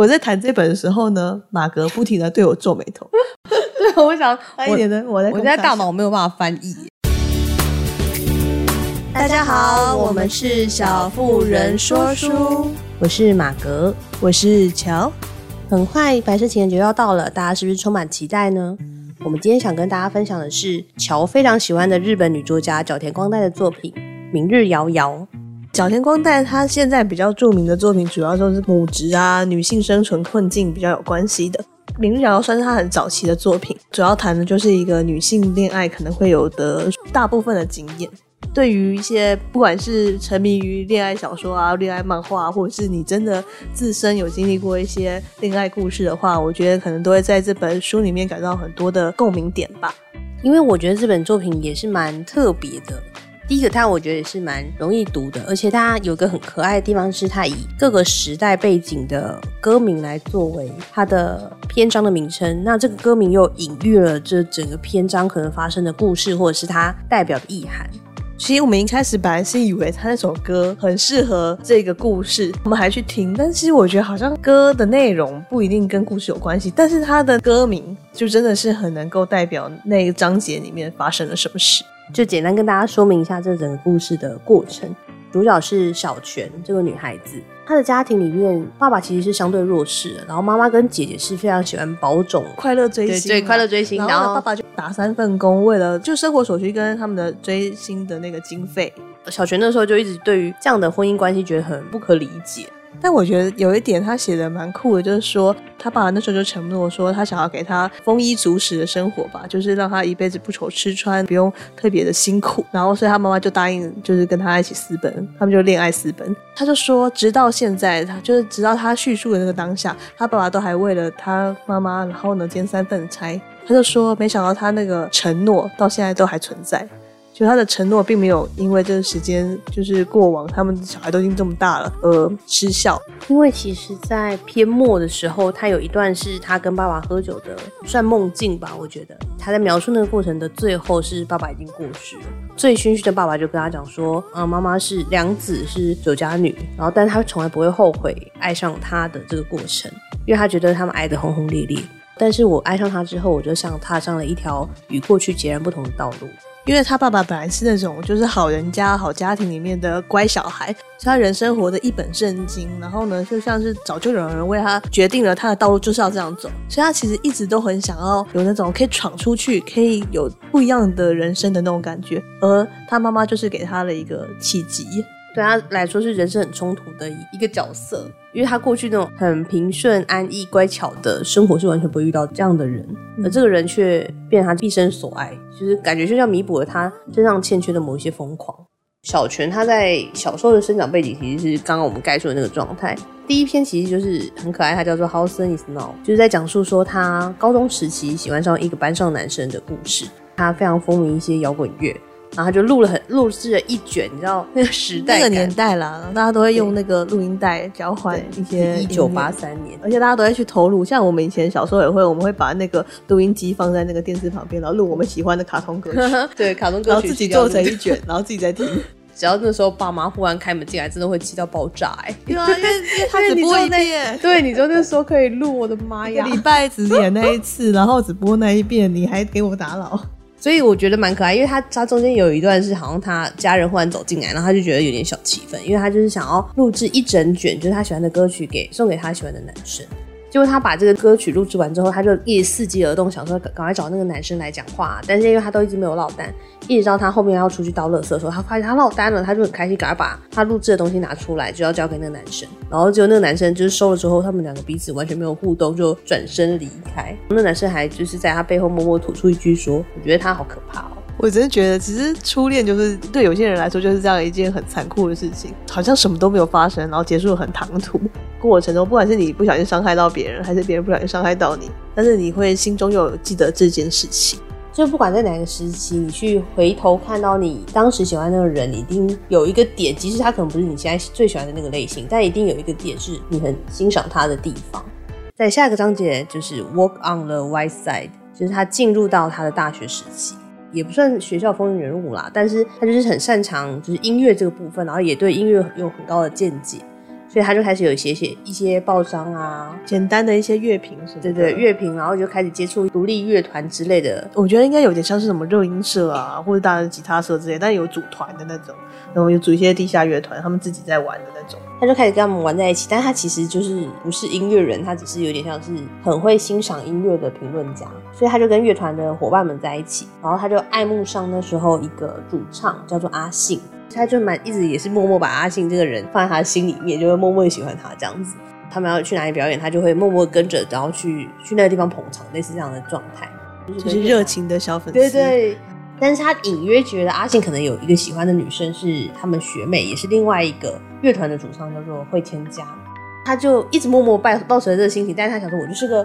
我在談這本的時候呢，馬格不停地對我皺眉頭。 對，我想，我我，我，在，一我在大腦沒有辦法翻譯。大家好，我們是小婦人說書，我是馬格，我是喬。很快白色情人節要到了，大家是不是充滿期待呢？嗯。我們今天想跟大家分享的是喬非常喜歡的日本女作家角田光代的作品《明日遙遙》。角田光代，他現在比較著名的作品，主要就是母職啊、女性生存困境比較有關係的。《明日遙遙》算是他很早期的作品，主要談的就是一個女性戀愛可能會有的大部分的經驗。對於一些不管是沉迷於戀愛小說啊、戀愛漫畫、啊，或者是你真的自身有經歷過一些戀愛故事的話，我覺得可能都會在這本書裡面感到很多的共鳴點吧。因為我覺得這本作品也是蠻特別的。第一個，它，我覺得也是蠻容易讀的，而且它有個很可愛的地方是，它以各個時代背景的歌名來作為它的篇章的名稱。那這個歌名又隱喻了這整個篇章可能發生的故事，或者是它代表的意涵。其實我們一開始本來是以為它那首歌很適合這個故事，我們還去聽。但其實我覺得好像歌的內容不一定跟故事有關係，但是它的歌名就真的是很能夠代表那個章節裡面發生了什麼事。就簡單跟大家說明一下這整個故事的過程。主角是小泉這個女孩子，她的家庭裡面，爸爸其實是相對弱勢的，然後媽媽跟姐姐是非常喜歡寶塚快樂追星，對，對,對,對，快樂追星。然後，然後,然後爸爸就打三份工，為了就生活所需跟他們的追星的那個經費。小泉那時候就一直對於這樣的婚姻關係覺得很不可理解。但我覺得有一點他寫的蠻酷的，就是說他爸爸那時候就承諾說，他想要給他豐衣足食的生活吧，就是讓他一輩子不愁吃穿，不用特別的辛苦。然後，所以他媽媽就答應，就是跟他一起私奔，他們就戀愛私奔。他就說，直到現在，他就是直到他敘述的那個當下，他爸爸都還為了他媽媽，然後呢兼三份的差。他就說，沒想到他那個承諾到現在都還存在。所以他的承諾並沒有因為這個時間就是過往，他們小孩都已經這麼大了而、呃、失效。因為其實，在篇末的時候，他有一段是他跟爸爸喝酒的，算夢境吧。我覺得他在描述那個過程的最後，是爸爸已經過世了，醉醺醺的爸爸就跟他講說：“啊、嗯，媽媽是良子，是酒家女，然後但他從來不會後悔愛上他的這個過程，因為他覺得他們愛得轟轟烈烈。但是我愛上他之後，我就像踏上了一條與過去截然不同的道路。”因為他爸爸本來是那種就是好人家好家庭裡面的乖小孩，所以他人生活的一本正經，然後呢，就像是早就有人為他決定了他的道路，就是要這樣走，所以他其實一直都很想要有那種可以闖出去，可以有不一樣的人生的那種感覺，而他媽媽就是給他了一個契機，對他來說是人生很衝突的一個角色。因為他過去那種很平順、安逸、乖巧的生活是完全不會遇到這樣的人，而這個人卻變成他畢生所愛，就是感覺就像彌補了他身上欠缺的某一些瘋狂。小泉他在小時候的生長背景其實是剛剛我們概述的那個狀態。第一篇其實就是很可愛，他叫做 How Soon Is Now，就是在講述說他高中時期喜歡上一個班上男生的故事。他非常風靡一些搖滾樂。然後就錄了很錄製了一卷，你知道那個時代那個年代啦，大家都會用那個錄音帶交換一些。一九八三年，而且大家都會去投入。像我們以前小時候也會，我們會把那個錄音機放在那個電視旁邊，然後錄我們喜歡的卡通歌曲。 對卡通歌曲，然後自己做成一卷， 然後自己再聽。只要那時候爸媽忽然開門進來，真的會氣到爆炸欸。哎，對啊，他他播一遍。 對，你就那時候可以錄，我的媽呀，一禮拜只演那一次，然後只播那一遍，你還給我打擾。所以我覺得蠻可愛，因為他他中間有一段是好像他家人忽然走進來，然後他就覺得有點小氣憤，因為他就是想要錄製一整卷就是他喜歡的歌曲給送給他喜歡的男生。結果他把這個歌曲錄製完之後，他就一直伺機而動，想說趕趕快找那個男生來講話。但是因為他都一直沒有落單，一直到他後面要出去倒垃圾的時候，他發現他落單了，他就很開心，趕快把他錄製的東西拿出來，就要交給那個男生。然後結果那個男生就是收了之後，他們兩個彼此完全沒有互動，就轉身離開。那男生還就是在他背後默默吐出一句說：“我覺得他好可怕哦。”我真的覺得，其實初戀就是對有些人來說，就是這樣一件很殘酷的事情。好像什麼都沒有發生，然後結束得很唐突，過程中，不管是你不小心傷害到別人，還是別人不小心傷害到你，但是你會心中又有記得這件事情。就不管在哪個時期，你去回頭看到你當時喜歡的那個人，一定有一個點，即使他可能不是你現在最喜歡的那個類型，但一定有一個點是你很欣賞他的地方。在下一個章節就是 Walk on the White Side，就是他進入到他的大學時期。也不算學校風雲人物啦，但是他就是很擅長就是音樂這個部分，然後也對音樂有很高的見解，所以他就開始有寫寫一些報章啊，簡單的一些樂評什麼的，對對，樂評，然後就開始接觸獨立樂團之類的，我覺得應該有點像是什麼熱音社啊，或者大的吉他社之類，但有組團的那種。然後又組一些地下樂團，他們自己在玩的那種。他就開始跟他們玩在一起，但他其實就是不是音樂人，他只是有點像是很會欣賞音樂的評論家。所以他就跟樂團的夥伴們在一起，然後他就愛慕上那時候一個主唱叫做阿信，他就蠻一直也是默默把阿信這個人放在他心裡面，就會默默喜歡他這樣子。他們要去哪裡表演，他就會默默跟着，然後去去那個地方捧場，類似這樣的狀態，就是熱情的小粉絲，對對。但是他隱約覺得阿信可能有一個喜歡的女生是他們學妹，也是另外一個樂團的主唱，叫做惠千佳。他就一直默默抱抱持着這個心情，但是他想說，我就是個，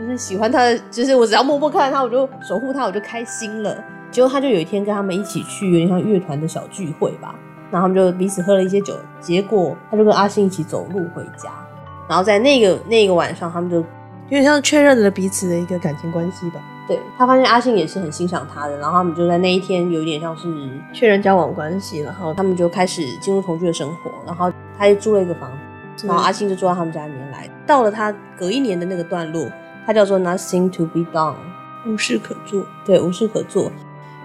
就是喜歡他的，就是我只要默默看他，我就守護他，我就開心了。結果他就有一天跟他們一起去，有點像樂團的小聚會吧。然後他們就彼此喝了一些酒，結果他就跟阿信一起走路回家。然後在那個那個晚上，他們就有點像確認了彼此的一個感情關係吧。對，他發現阿信也是很欣賞他的，然後他們就在那一天有點像是確認交往關係，然後他們就開始進入同居的生活，然後他就租了一個房子、嗯，然後阿信就住到他們家裡面來。來到了他隔一年的那個段落，他叫做 Nothing to be done，無事可做。對，無事可做，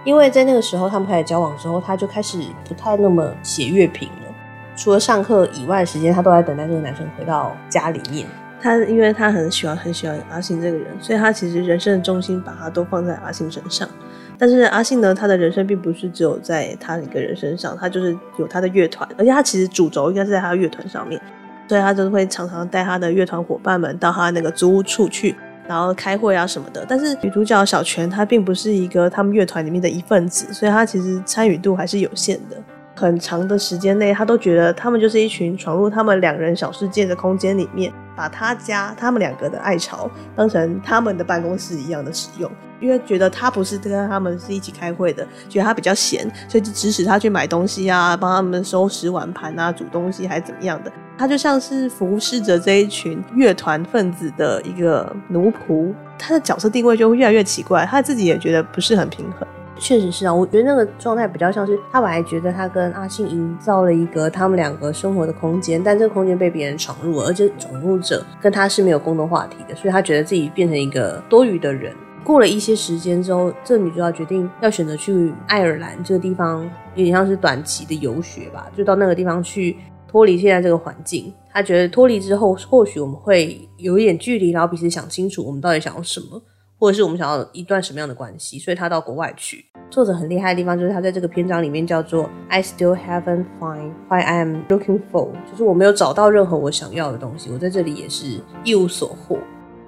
因為在那個時候他們開始交往之後，他就開始不太那麼寫樂評了，除了上課以外的時間，他都在等待這個男生回到家裡面。他因為他很喜歡很喜歡阿信這個人，所以他其實人生的重心把他都放在阿信身上。但是阿信呢，他的人生並不是只有在他一個人身上，他就是有他的樂團，而且他其實主軸應該是在他的樂團上面，所以他就是會常常帶他的樂團夥伴們到他那個租屋處去，然後開會啊什麼的。但是女主角小泉她並不是一個他們樂團裡面的一份子，所以她其實參與度還是有限的。很長的時間內，他都覺得他們就是一群闖入他們兩人小世界的空間裡面。把他家他們兩個的愛巢當成他們的辦公室一樣的使用，因為覺得他不是跟他們是一起開會的，覺得他比較閒，所以就指使他去買東西啊，幫他們收拾碗盤啊，煮東西還是怎麼樣的。他就像是服侍着這一群樂團分子的一個奴僕，他的角色定位就會越來越奇怪，他自己也覺得不是很平衡。確實是啊，我覺得那個狀態比較像是他本來覺得他跟阿信營造了一個他們兩個生活的空間，但這個空間被別人闖入了，而且闖入者跟他是沒有共同話題的，所以他覺得自己變成一個多餘的人。過了一些時間之後，這女主角決定要選擇去愛爾蘭這個地方，有點像是短期的遊學吧，就到那個地方去脫離現在這個環境。他覺得脫離之後，或許我們會有一點距離，然後彼此想清楚我們到底想要什麼。或者是我們想要一段什麼樣的關係，所以他到國外去。作者很厲害的地方就是他在這個篇章裡面叫做 I still haven't found what I'm looking for，就是我沒有找到任何我想要的東西，我在這裡也是一無所獲。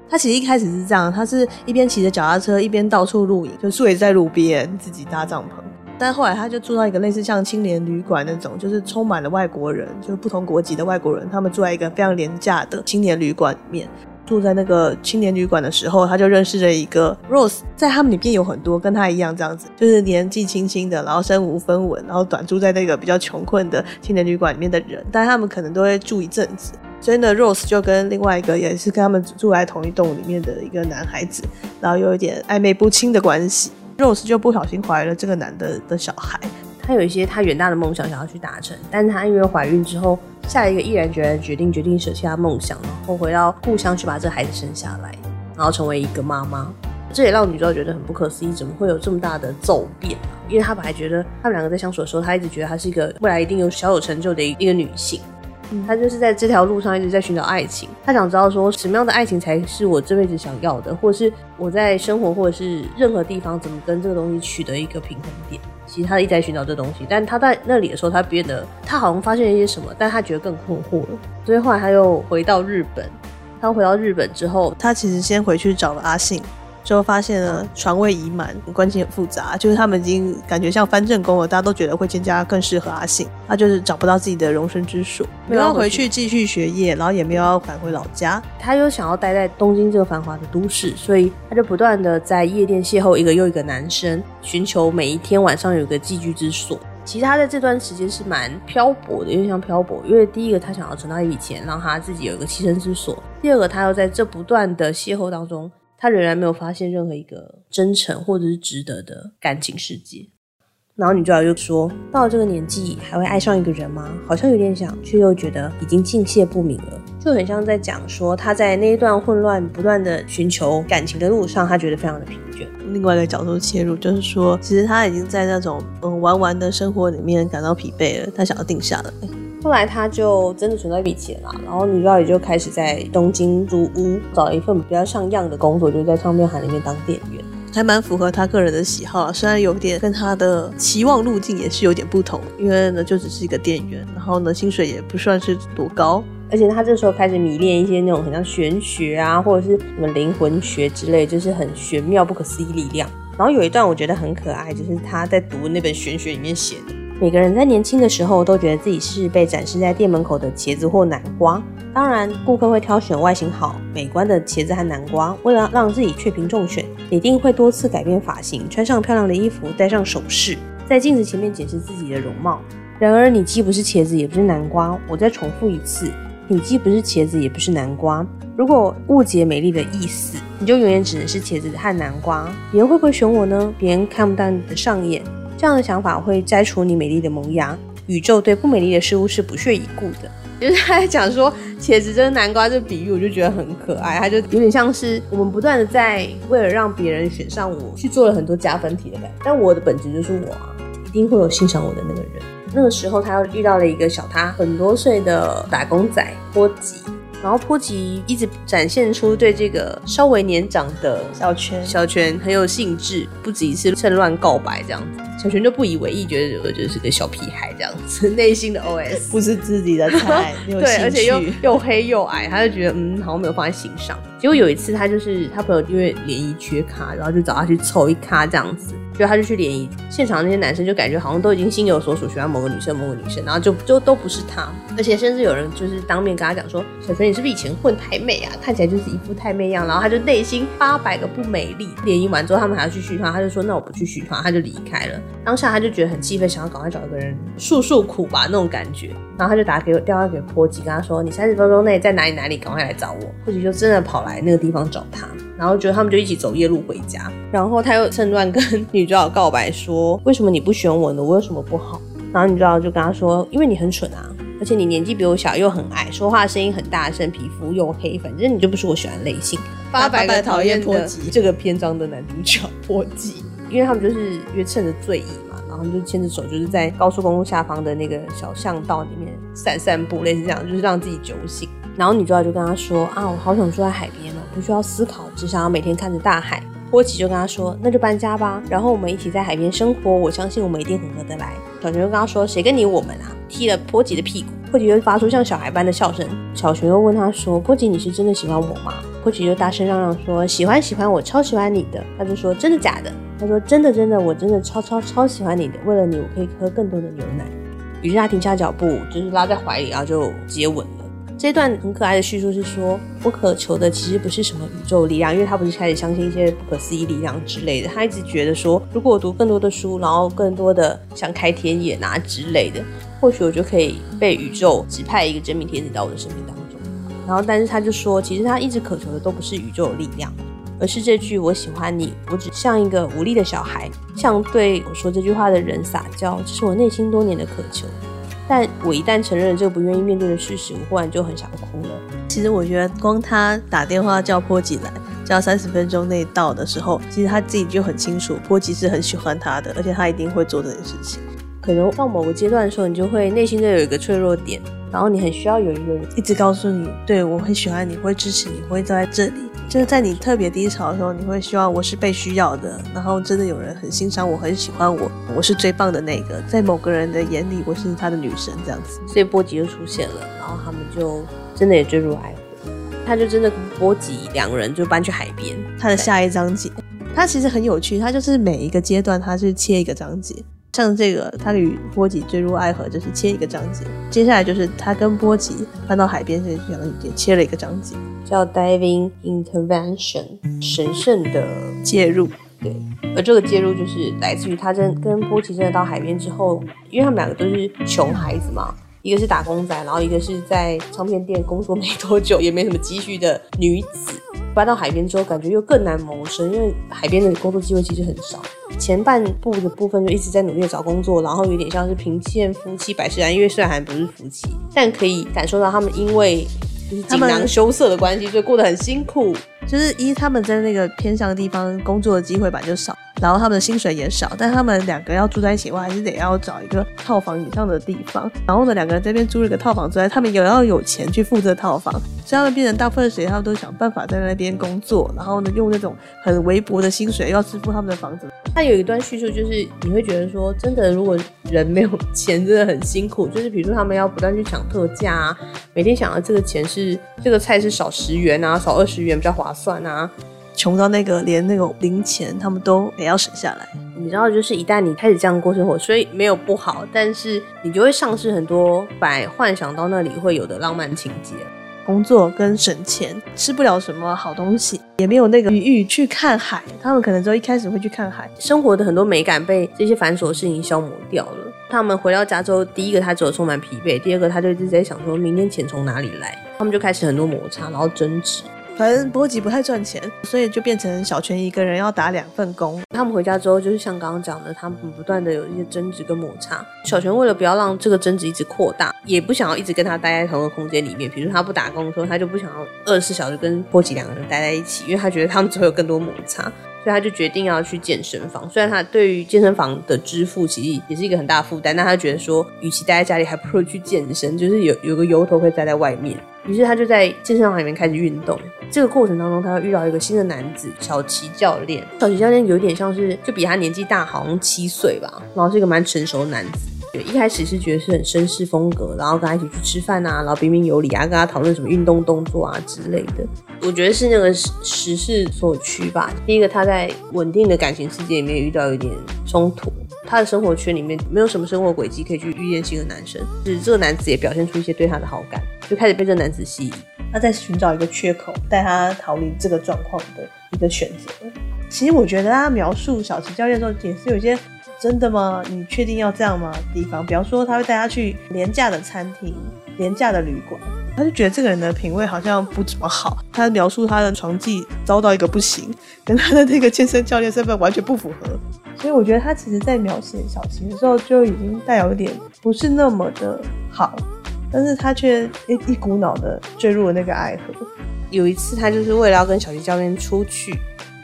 他其實一開始是這樣，他是一邊騎着腳踏車一邊到處露營，就睡在路邊自己搭帳篷。但後來他就住到一個類似像青年旅館那種，就是充滿了外國人，就是不同國籍的外國人，他們住在一個非常廉價的青年旅館裡面。住在那個青年旅館的時候，他就認識了一個 Rose。在他們裡面有很多跟他一樣這樣子，就是年紀輕輕的，然後身無分文，然後短住在那個比較窮困的青年旅館裡面的人。但他們可能都會住一陣子。所以呢，Rose 就跟另外一個也是跟他們住在同一棟裡面的一個男孩子，然後有一點曖昧不清的關係。Rose 就不小心懷了這個男的的小孩。她有一些她遠大的夢想想要去達成，但她因為懷孕之後。下一個毅然決然決定決定捨棄他夢想，然後回到故鄉去把這孩子生下來，然後成為一個媽媽。這也讓女主角覺得很不可思議，怎麼會有這麼大的驟變啊？因為他本來覺得他們兩個在相處的時候，他一直覺得她是一個未來一定有小有成就的一個女性。嗯，他就是在這條路上一直在尋找愛情，他想知道說什麼樣的愛情才是我這輩子想要的，或者是我在生活或者是任何地方怎麼跟這個東西取得一個平衡點。其實他一直在尋找這東西，但他在那裡的時候，他變得他好像發現了一些什麼，但他覺得更困惑了。所以後來他又回到日本，他回到日本之後，他其實先回去找了阿信。之後發現了床位已滿，嗯，關係很複雜，就是他們已經感覺像翻正宮了。大家都覺得會增加更適合阿信，他就是找不到自己的容身之所，沒有回去繼續學業，然後也沒有要返回老家。他又想要待在東京這個繁華的都市，所以他就不斷的在夜店邂逅一個又一個男生，尋求每一天晚上有個寄居之所。其實他在這段時間是蠻漂泊的，因為像漂泊，因為第一個他想要存到一筆錢，讓他自己有一個棲身之所，第二個他又在這不斷的邂逅當中，他仍然沒有發現任何一個真誠或者是值得的感情世界，然後女主角就說：“到了這個年紀，還會愛上一個人嗎？好像有點想，卻又覺得已經敬謝不敏了，就很像在講說他在那一段混亂不斷的尋求感情的路上，他覺得非常的疲倦。另外一個角度切入，就是說其實他已經在那種嗯，玩玩的生活裡面感到疲憊了，他想要定下來了。”後來他就真的存到一筆錢了啦，然後女主角也就開始在東京租屋，找一份比較像樣的工作，就在唱片行裡面當店員，還蠻符合他個人的喜好，雖然有點跟他的期望路徑也是有點不同，因為呢就只是一個店員，然後呢薪水也不算是多高，而且他這時候開始迷戀一些那種很像玄學啊，或者是什麼靈魂學之類，就是很玄妙不可思議力量。然後有一段我覺得很可愛，就是他在讀那本玄學裡面寫的。每個人在年輕的時候都覺得自己是被展示在店門口的茄子或南瓜，當然顧客會挑選外形好、美觀的茄子和南瓜。為了讓自己雀屏中選，你一定會多次改變髮型，穿上漂亮的衣服，戴上首飾，在鏡子前面檢視自己的容貌。然而，你既不是茄子，也不是南瓜。我再重複一次，你既不是茄子，也不是南瓜。如果誤解美麗的意思，你就永遠只能是茄子和南瓜。別人會不會選我呢？別人看不到你的上眼。這樣的想法會摘除你美麗的萌芽。宇宙對不美麗的事物是不屑一顧的。就是他在講說，茄子跟南瓜這比喻，我就覺得很可愛。他就有點像是我們不斷的在為了讓別人選上我，去做了很多加分題的感覺。但我的本質就是我啊，一定會有欣賞我的那個人。那個時候，他又遇到了一個小他很多歲的打工仔波吉。然後波吉一直展現出對這個稍微年長的小泉，小泉很有興致，不止一次趁亂告白這樣子，小泉就不以為意，覺得我就是個小屁孩這樣子，內心的 OS 不是自己的菜， 對，而且又又黑又矮，他就覺得嗯，好像沒有放在心上。結果有一次，他就是他朋友，因為聯誼缺咖，然後就找他去湊一咖，這樣子，結果他就去聯誼現場，那些男生就感覺好像都已經心有所屬，喜歡某個女生，某個女生，然後就就都不是他，而且甚至有人就是當面跟他講說：“小陳，你是不是以前混太妹啊？看起來就是一副太妹樣。”然後他就內心八百個不美麗。聯誼完之後，他們還要去續攤，他就說：“那我不去續攤。”他就離開了。當下他就覺得很氣憤，想要趕快找一個人訴訴苦吧，那種感覺。然後他就打給我電話給波吉，跟他說：“你三十分鐘內在哪裡哪裡，趕快來找我。”或許就真的跑來。來那個地方找他，然後覺得他們就一起走夜路回家，然後他又趁亂跟女主角告白說：“為什麼你不選我呢？我有什麼不好？”然後女主角就跟他說：“因為你很蠢啊，而且你年紀比我小，又很矮，說話聲音很大聲，皮膚又黑，反正你就不是我喜歡的類型。”八百的討厭破吉這個篇章的男主角破吉，因為他們就是約趁着醉意嘛，然後就牽着手就是在高速公路下方的那個小巷道裡面散散步，類似這樣，就是讓自己酒醒。然後女主角就跟他說：“啊，我好想住在海邊了，不需要思考，只想要每天看着大海。”波奇就跟他說：“那就搬家吧，然後我們一起在海邊生活。我相信我們一定很合得來。”小熊就跟他說：“誰跟你我們啊？”踢了波奇的屁股。波奇就發出像小孩般的笑聲。小熊又問他說：“波奇，你是真的喜歡我嗎？”波奇就大聲嚷嚷嚷說：“喜歡，喜歡我，我超喜歡你的。”他就說：“真的假的？”他說：“真的，真的，我真的超超超喜歡你的。為了你，我可以喝更多的牛奶。”於是他停下腳步，就是拉在懷裡啊，就接吻了。這段很可愛的敘述是說，我渴求的其實不是什麼宇宙力量，因為他不是開始相信一些不可思議力量之類的。他一直覺得說，如果我讀更多的書，然後更多的想開天眼啊之類的，或許我就可以被宇宙指派一個真命天子到我的生命當中。然後，但是他就說，其實他一直渴求的都不是宇宙的力量，而是這句“我喜歡你”，我只像一個無力的小孩，像對我說這句話的人撒嬌，這是我內心多年的渴求。但我一旦承認了這個不願意面對的事實，我忽然就很想哭了。其實我覺得，光他打電話叫波吉來，叫三十分鐘內到的時候，其實他自己就很清楚，波吉是很喜歡他的，而且他一定會做這件事情。可能到某個階段的時候，你就會內心都有一個脆弱點，然後你很需要有一個人一直告訴你，對，我很喜歡你，我會支持你，我會站在這裡。就是在你特別低潮的時候，你會希望我是被需要的，然後真的有人很欣賞我，很喜歡我，我是最棒的那個，在某個人的眼裡我是他的女神這樣子，所以波吉就出現了，然後他們就真的也墜入愛河，他就真的跟波吉兩個人就搬去海邊。他的下一章節，他其實很有趣，他就是每一個階段他是切一個章節。像這個，他與波吉墜入愛河，就是切一個章節。接下來就是他跟波吉搬到海邊，這兩個也切了一個章節，叫 Divine Intervention，神聖的介入。對，而這個介入就是來自於他真跟波吉真的到海邊之後，因為他們兩個都是窮孩子嘛，一個是打工仔，然後一個是在唱片店工作沒多久，也沒什麼積蓄的女子。搬到海邊之後，感覺又更難謀生，因為海邊的工作機會其實很少。前半部的部分就一直在努力找工作，然後有點像是貧賤夫妻百事哀，因為雖然還不是夫妻，但可以感受到他們因為阮囊羞澀的關係，就過得很辛苦。就是一他們在那個偏向的地方工作的機會本來就少，然後他們的薪水也少，但他們兩個要住在一起的話，還是得要找一個套房以上的地方。然後呢，兩個人在這邊租了個套房之外，他們也要有錢去付這套房。所以他們變成大部分時候，他們都想辦法在那邊工作，然後呢，用那種很微薄的薪水要支付他們的房子。他有一段敘述，就是你會覺得說，真的，如果人沒有錢，真的很辛苦。就是比如說，他們要不斷去搶特價啊，每天想要這個錢是這個菜是少十元啊，少二十元比較划。算啊，窮到那個連那個零錢他們都也要省下來。你知道，就是一旦你開始這樣過生活，所以沒有不好，但是你就會喪失很多白幻想到那裡會有的浪漫情節。工作跟省錢，吃不了什麼好東西，也沒有那個餘裕去看海。他們可能就一開始會去看海，生活的很多美感被這些繁瑣的事情消磨掉了。他們回到加州，第一個他只有充滿疲憊，第二個他就一直在想說明天錢從哪裡來。他們就開始很多摩擦，然後爭執。反正波吉不太賺錢，所以就變成小泉一個人要打兩份工。他們回家之後，就是像剛剛講的，他們不斷的有一些爭執跟摩擦。小泉為了不要讓這個爭執一直擴大，也不想要一直跟他待在同一個空間裡面。比如他不打工的時候，他就不想要二十四小時跟波吉兩個人待在一起，因為他覺得他們只會有更多摩擦。所以他就決定要去健身房，雖然他對於健身房的支付其實也是一個很大的負擔，但他覺得說，與其待在家裡，還不如去健身，就是有有個由頭可以待在外面。於是他就在健身房裡面開始運動。這個過程當中，他又遇到一個新的男子小齊教練，小齊教練有點像是就比他年紀大，好像七歲吧，然後是一個蠻成熟的男子。一開始是覺得是很紳士風格，然後跟他一起去吃飯啊，然後彬彬有禮啊，跟他討論什麼運動動作啊之類的。我覺得是那個時勢所趨吧。第一個，他在穩定的感情世界裡面遇到一點衝突，他的生活圈裡面沒有什麼生活軌跡可以去遇見新的男生。就是這個男子也表現出一些對他的好感，就開始被這個男子吸引。他在尋找一個缺口，帶他逃離這個狀況的一個選擇。其實我覺得他、啊、描述小齊教練的時候，也是有些。真的嗎？你確定要這樣嗎？地方比方，比方說，他會帶他去廉價的餐廳、廉價的旅館，他就覺得這個人的品味好像不怎麼好。他描述他的床技糟到一個不行，跟他的那個健身教練身份完全不符合。所以我覺得他其實，在描寫小琪的時候就已經帶有一點不是那麼的好，但是他卻一一股腦的墜入了那個愛河。有一次，他就是為了要跟小琪教練出去。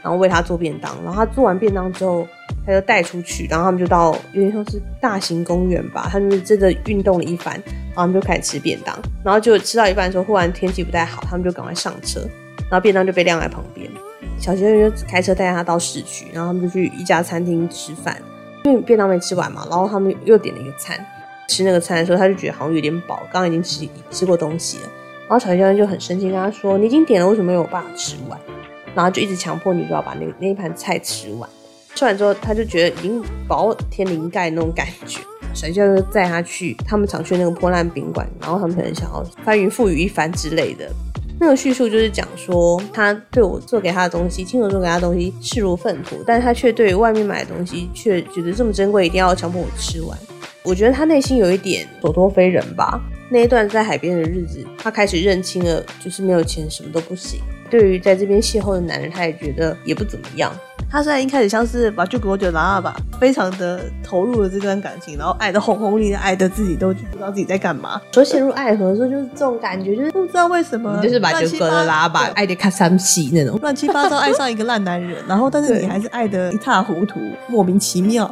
然後為他做便當，然後他做完便當之後，他就帶出去，然後他們就到，有點像是大型公園吧，他們就真的運動了一番，然後他們就開始吃便當，然後就吃到一半的時候，忽然天氣不太好，他們就趕快上車，然後便當就被晾在旁邊。小學生就開車帶他到市區，然後他們就去一家餐廳吃飯，因為便當沒吃完嘛，然後他們又點了一個餐，吃那個餐的時候，他就覺得好像有點飽，剛剛已經吃吃過東西了，然後小學生就很生氣，跟他說：“你已經點了，為什麼沒有辦法吃完？”然後就一直強迫女主要把那那一盤菜吃完，吃完之後，他就覺得已經薄天靈蓋那種感覺，所以就帶他去他們常去那個破爛賓館，然後他們可能想要翻雲覆雨一番之類的。那個敘述就是講說，他對我做給他的東西、親手做給他的東西視如糞土，但是他卻對外面買的東西卻覺得這麼珍貴，一定要強迫我吃完。我覺得他內心有一點所託非人吧。那一段在海邊的日子，他開始認清了，就是沒有錢什麼都不行。對於在這邊邂逅的男人，他也覺得也不怎麼樣。他現在一開始像是把酒歌酒拉拉吧，非常的投入了這段感情，然後愛的轟轟烈烈，愛的自己都不知道自己在幹嘛。所以陷入愛河的時候，就是這種感覺，就是不知道為什麼，你就是把酒歌的拉拉，愛的卡桑奇，那種亂七八糟，愛，七八糟愛上一個爛男人， 然後但是你還是愛的一塌糊塗，莫名其妙。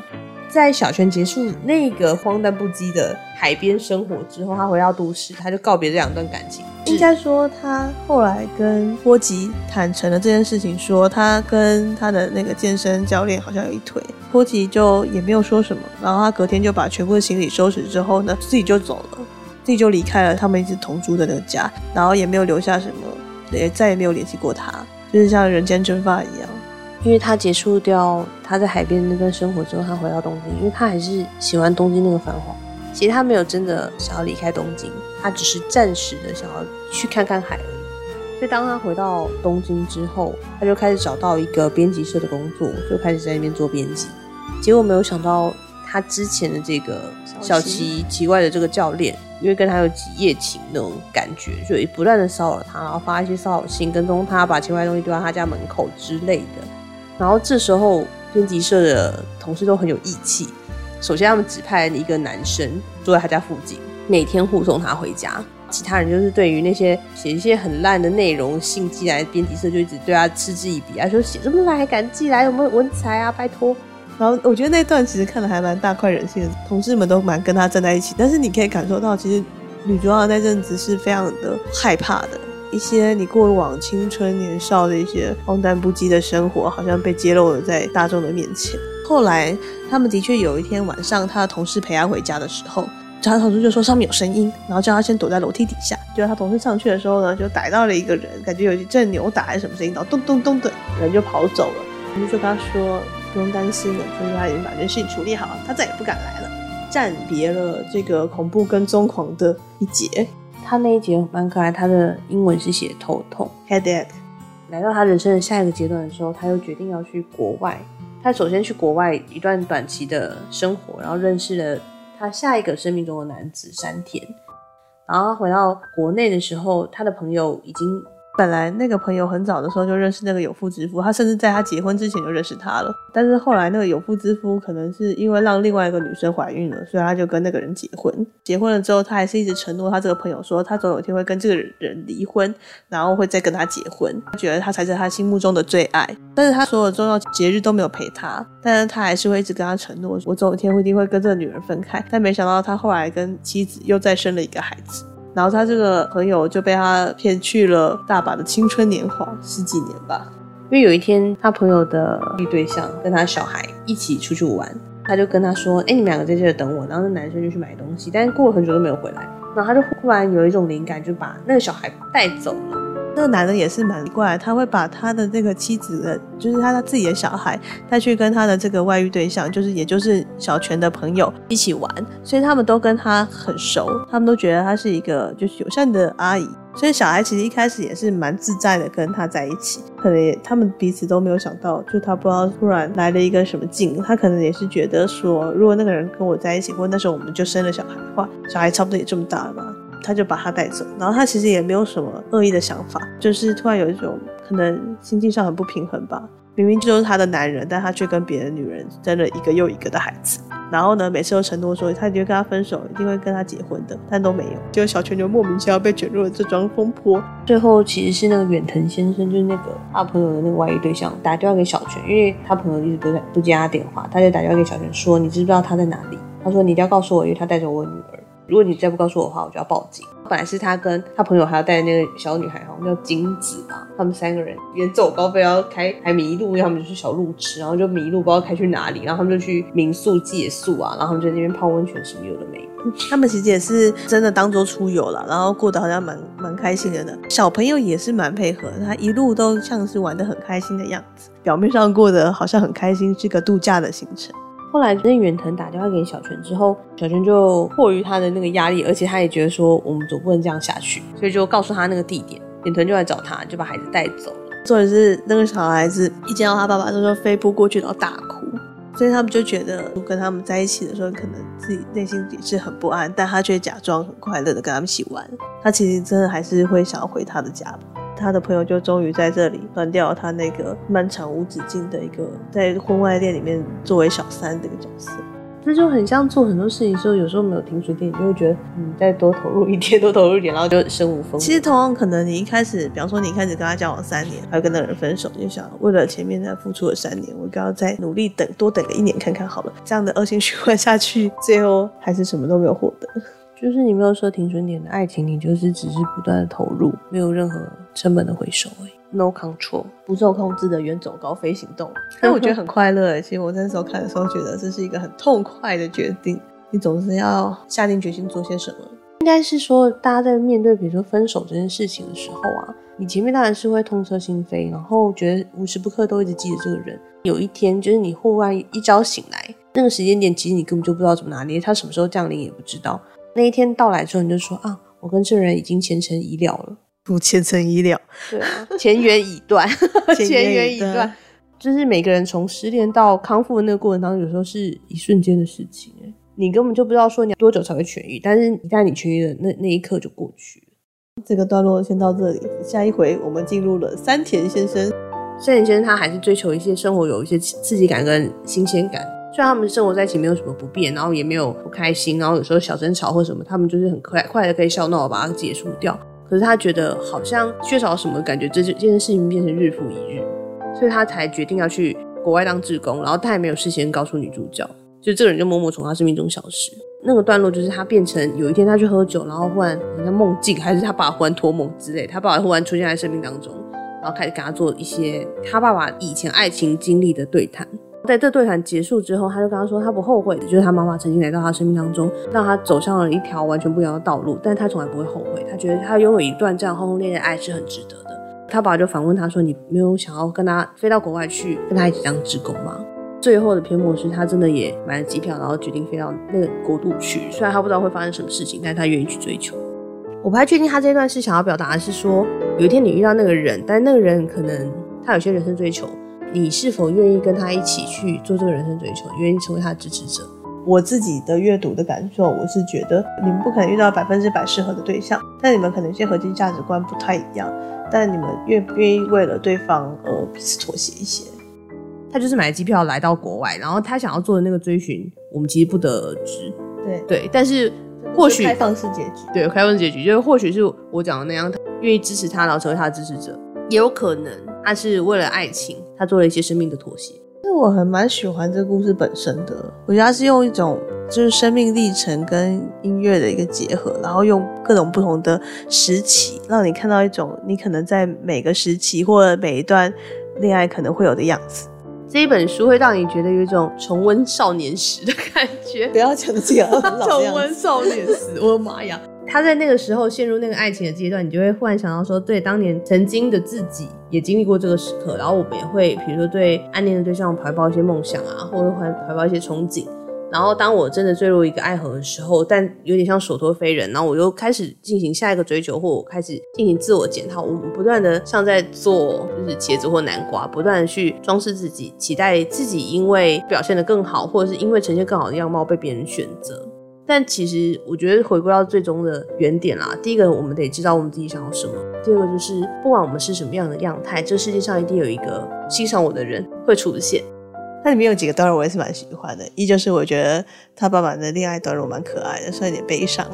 在小泉結束那個荒誕不羈的海邊生活之後，他回到都市，他就告別這兩段感情。應該說，他後來跟波吉坦誠了這件事情說，說他跟他的那個健身教練好像有一腿。波吉就也沒有說什麼，然後他隔天就把全部的行李收拾之後呢，自己就走了，自己就離開了他們一直同住的那個家，然後也沒有留下什麼，也再也沒有聯繫過他，就是像人間蒸發一樣。因為他結束掉他在海邊那段生活之後，他回到東京，因為他還是喜歡東京那個繁華。其實他沒有真的想要離開東京，他只是暫時的想要去看看海而已。所以當他回到東京之後，他就開始找到一個編輯社的工作，就開始在那邊做編輯。結果沒有想到，他之前的這個小奇奇怪的這個教練，因為跟他有幾夜情那種感覺，所以不斷的騷擾他，然後發一些騷擾信，跟蹤他，把奇怪東西丟到他家門口之類的。然後這時候，編輯社的同事都很有義氣。首先，他們指派了一個男生住在他家附近，每天護送他回家。其他人就是對於那些寫一些很爛的內容信寄來，編輯社就一直對他嗤之以鼻，啊就寫說寫這麼爛還敢寄來，有沒有文采啊？拜託。然後我覺得那段其實看的還蠻大快人心的，同事們都蠻跟他站在一起。但是你可以感受到，其實女主角那陣子是非常的害怕的。一些你過往青春年少的一些荒誕不羈的生活，好像被揭露了在大眾的面前。後來，他們的確有一天晚上，他的同事陪他回家的時候，他的同事就說上面有聲音，然後叫他先躲在樓梯底下。就他同事上去的時候呢，就逮到了一個人，感覺有一陣扭打還是什麼聲音，然後咚咚咚的，人就跑走了。他們就跟他說不用擔心了，就是他已經把這件事情處理好了，他再也不敢來了。暫別了這個恐怖跟蹤狂的一節。他那一節蠻可愛，他的英文是寫頭痛。headache。 來到他人生的下一個階段的時候，他又決定要去國外。他首先去國外一段短期的生活，然後認識了他下一個生命中的男子山田。然後他回到國內的時候，他的朋友已經。本來那個朋友很早的時候就認識那個有婦之夫，他甚至在他結婚之前就認識他了。但是後來那個有婦之夫可能是因為讓另外一個女生懷孕了，所以他就跟那個人結婚。結婚了之後，他還是一直承諾他這個朋友說，他總有一天會跟這個人離婚，然後會再跟他結婚。他覺得他才是他心目中的最愛，但是他所有重要節日都沒有陪他，但是他還是會一直跟他承諾，我總有一天會一定會跟這個女人分開。但沒想到他後來跟妻子又再生了一個孩子。然後他這個朋友就被他騙去了大把的青春年華，十幾年吧。因為有一天他朋友的對象跟他小孩一起出去玩，他就跟他說：“哎、欸，你們兩個在這兒等我。”然後那男生就去買東西，但是過了很久都沒有回來。然後他就忽然有一種靈感，就把那個小孩帶走了。那、那個男的也是蠻怪，他會把他的這個妻子的，就是他他自己的小孩帶去跟他的這個外遇對象，就是也就是小泉的朋友一起玩，所以他們都跟他很熟，他們都覺得他是一個就是友善的阿姨，所以小孩其實一開始也是蠻自在的跟他在一起，可能也他們彼此都沒有想到，就他不知道突然來了一個什麼勁，他可能也是覺得說，如果那個人跟我在一起，或那時候我們就生了小孩的話，小孩差不多也這麼大了吧。他就把她帶走，然後他其實也沒有什麼惡意的想法，就是突然有一種可能心境上很不平衡吧。明明就是他的男人，但他卻跟別的女人生了一個又一個的孩子。然後呢，每次都承諾說他一定會跟他分手，一定會跟他結婚的，但都沒有。結果小泉就莫名其妙被捲入了這樁風波。最後其實是那個遠藤先生，就是那個他朋友的那個外遇對象，打電話給小泉，因為他朋友一直不在不接他電話，他就打電話給小泉說：“你知不知道他在哪裡？”他說：“你一定要告訴我，因為他帶著我女。”如果你再不告訴我的話，我就要報警。本來是他跟他朋友還要帶那個小女孩哈，叫金子吧。他們三個人遠走高飛，要開還迷路，他們就去小路吃，然後就迷路，不知道開去哪裡，然後他們就去民宿借宿啊，然後就在那邊泡溫泉什麼有的沒。他們其實也是真的當作出遊了，然後過得好像蠻蠻開心的呢。小朋友也是蠻配合，他一路都像是玩得很開心的樣子，表面上過得好像很開心，是個度假的行程。後來那遠藤打電話給小泉之後，小泉就迫於他的那個壓力，而且他也覺得說我們總不能這樣下去，所以就告訴他那個地點，遠藤就來找他，就把孩子帶走了。重點是那個小孩子一見到他爸爸說，他就飛撲過去然後大哭，所以他們就覺得跟他們在一起的時候，可能自己內心也是很不安，但他卻假裝很快樂的跟他們一起玩。他其實真的還是會想要回他的家吧。他的朋友就終於在這裡斷掉了他那個漫長無止境的一個在婚外戀裡面作為小三的一個角色，這就很像做很多事情時候，有時候沒有停損點，你就會覺得你再多投入一點，多投入一點，然後就身無分文。其實同樣可能你一開始，比方說你一開始跟他交往三年，還有跟那個人分手，就想為了前面在付出了三年，我一定要再努力等，多等個一年看看好了。這樣的惡性循環下去，最後還是什麼都沒有獲得。就是你沒有說停損點的愛情，你就是只是不斷的投入，沒有任何成本的回收。No control，不受控制的遠走高飛行動。但 我覺得很快樂。其實我那時候看的時候，覺得這是一個很痛快的決定。你總是要下定決心做些什麼。應該是說，大家在面對比如說分手這件事情的時候啊，你前面當然是會痛徹心扉，然後覺得無時不刻都一直記得這個人。有一天，就是你忽然一朝醒來，那個時間點其實你根本就不知道怎麼拿捏，他什麼時候降臨也不知道。那一天到來之後，你就說啊，我跟這人已經前程已了了，不，前程已了，對、啊，前緣已斷，前緣已斷，就是每個人從失戀到康復的那個過程當中，有時候是一瞬間的事情，你根本就不知道說你要多久才會痊癒，但是在你痊癒的那那一刻就過去了。這個段落先到這裡，下一回我們進入了三田先生，三田先生他還是追求一些生活有一些刺激感跟新鮮感。雖然他們生活在一起沒有什麼不便，然後也沒有不開心，然後有時候小爭吵或什麼，他們就是很快快的可以笑鬧把它結束掉。可是他覺得好像缺少了什麼的感覺，這件這件事情變成日復一日，所以他才決定要去國外當志工。然後他也沒有事先告訴女主角，就這個人就默默從他生命中消失。那個段落就是他變成有一天他去喝酒，然後忽然好像夢境，還是他爸爸忽然托夢之類，他爸爸忽然出現在生命當中，然後開始跟他做一些他爸爸以前愛情經歷的對談。在這對談結束之後，他就跟他說，他不後悔，就是他媽媽曾經來到他生命當中，讓他走上了一條完全不一樣的道路，但是他從來不會後悔，他覺得他擁有一段這樣轟轟烈烈的愛是很值得的。他爸爸就反問他說，你沒有想要跟他飛到國外去，跟他一起當志工嗎？最後的篇目是他真的也買了機票，然後決定飛到那個國度去，雖然他不知道會發生什麼事情，但是他願意去追求。我不太確定他這一段是想要表達的是說，有一天你遇到那個人，但那個人可能他有些人生追求。你是否願意跟他一起去做這個人生追求，願意成為他的支持者？我自己的閱讀的感受，我是覺得你們不可能遇到百分之百適合的對象，但你們可能一些核心價值觀不太一樣，但你們願不願意為了對方而、呃、彼此妥協一些？他就是買機票來到國外，然後他想要做的那個追尋，我們其實不得而知。對對，但是或許、就是、開放式結局，對開放式結局就是或許是我講的那樣，他願意支持他，然後成為他的支持者。也有可能，他是為了愛情，他做了一些生命的妥協。那我還蠻喜歡這故事本身的，我覺得他是用一種就是生命歷程跟音樂的一個結合，然後用各種不同的時期，讓你看到一種你可能在每個時期或每一段戀愛可能會有的樣子。這一本書會讓你覺得有一種重溫少年時的感覺。不要講這樣，重溫少年時，我的媽呀！他在那個時候陷入那個愛情的階段，你就會忽然想到說，對，當年曾經的自己也經歷過這個時刻。然後我們也會，比如說對暗戀的對象懷抱一,一些夢想啊，或者懷懷抱一些憧憬。然後當我真的墜入一個愛河的時候，但有點像所託非人，然後我又開始進行下一個追求，或者我開始進行自我檢討。我們不斷的像在做就是茄子或南瓜，不斷的去裝飾自己，期待自己因為表現得更好，或者是因為呈現更好的樣貌被別人選擇。但其實，我覺得回歸到最終的原點啦。第一個，我們得知道我們自己想要什麼；第二個，就是不管我們是什麼樣的樣態，這世界上一定有一個欣賞我的人會出現。它裡面有幾個段落，我也是蠻喜歡的。一就是我覺得他爸爸的戀愛段落蠻可愛的，算有點悲傷。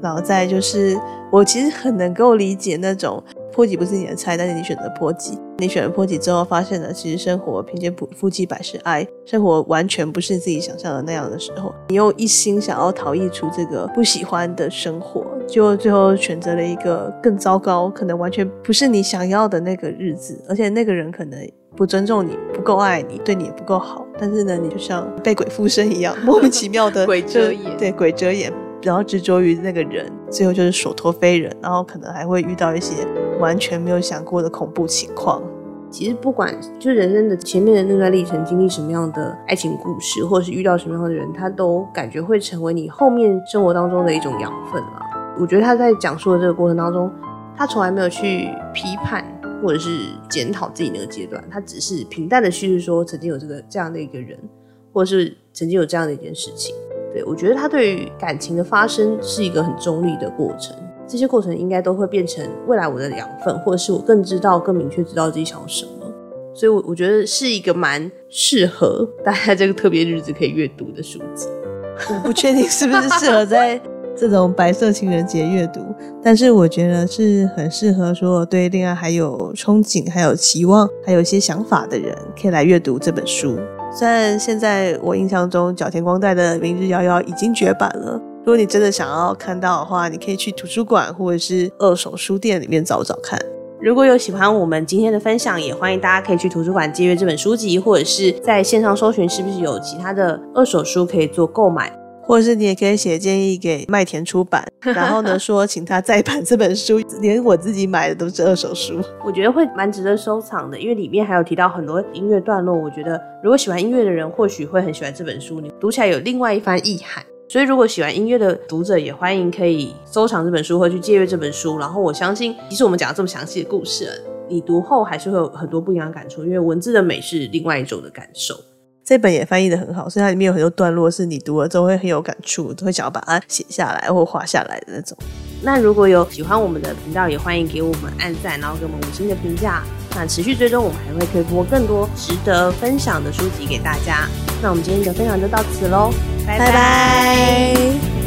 然後再就是，我其實很能夠理解那種。坡幾不是你的菜，但是你選擇坡幾，你選擇坡幾之後，發現了其實生活貧賤不夫妻百事哀，生活完全不是自己想象的那樣的時候，你又一心想要逃逸出這個不喜歡的生活，就最後選擇了一個更糟糕，可能完全不是你想要的那個日子，而且那個人可能不尊重你，不夠愛你，對你也不夠好，但是呢，你就像被鬼附身一樣，莫名其妙的 鬼遮眼，對鬼遮眼。然後執着於那個人，最後就是所托非人，然後可能還會遇到一些完全沒有想過的恐怖情況。其實不管就人生的前面的那段歷程經歷什麼樣的愛情故事，或者是遇到什麼樣的人，他都感覺會成為你後面生活當中的一種養分了。我覺得他在講述的這個過程當中，他從來沒有去批判或者是檢討自己那個階段，他只是平淡的敘述說，曾經有這個這樣的一個人，或者是曾經有這樣的一件事情。我覺得他對於感情的發生是一個很中立的過程，這些過程應該都會變成未來我的養分，或者是我更知道、更明確知道自己想要什麼。所以我，我我覺得是一個蠻適合大家這個特別日子可以閱讀的書籍。我不確定是不是適合在這種白色情人節閱讀， 但是我覺得是很適合說對戀愛還有憧憬、還有期望、還有一些想法的人可以來閱讀這本書。雖然現在我印象中角田光代的《明日遙遙》已經絕版了，如果你真的想要看到的話，你可以去圖書館或者是二手書店裡面找找看。如果有喜歡我們今天的分享，也歡迎大家可以去圖書館借閱這本書籍，或者是在線上搜尋是不是有其他的二手書可以做購買。或者是你也可以寫建議給麥田出版，然後呢說請他再版這本書，連我自己買的都是二手書。我覺得會蠻值得收藏的，因為裡面還有提到很多音樂段落。我覺得如果喜歡音樂的人，或許會很喜歡這本書，你讀起來有另外一番意涵。所以如果喜歡音樂的讀者也歡迎可以收藏這本書或去借閱這本書。然後我相信，其實我們講了這麼詳細的故事，你讀後還是會有很多不一樣的感觸，因為文字的美是另外一種的感受。這本也翻譯得很好，所以它裡面有很多段落是你讀了之後，會很有感觸，都會想要把它寫下來或畫下來的那種。那如果有喜歡我們的頻道，也歡迎給我們按讚，然後給我們五星的評價。那持續追蹤，我們還會推播更多值得分享的書籍給大家。那我們今天的分享就到此嘍，拜拜。拜拜。